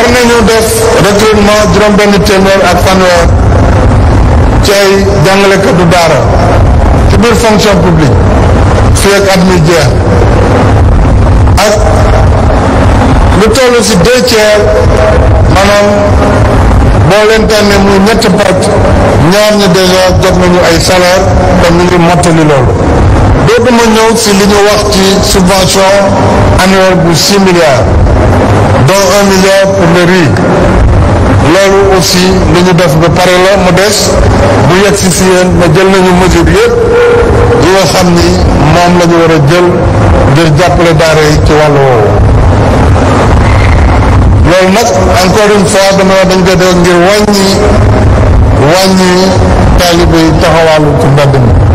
war nañu def recrutement juróom benn téeméer ak fanweer ci ay jàngalekatu daara ci biir fonction publique fii ak at ak lu toll si deux tiers maanaam boo leen tànnee muy ñetti pàcc ñaar ñi déjà jot nañu ay salaire te ñu ngi mottali loolu ma ñëw e si li ñu wax ci bu six milliards dont un milliard loolu aussi li ñu def ba pare la mu des bu yegg si si yéen jël nañu mesure yëpp yi nga xam ni moom la ñu war a jël ngir jàppale daara yi ci wàll woowu loolu nag encore une fois dama wax dañ ko def ngir wàññi wàññi taalibe yi ci mbedd mi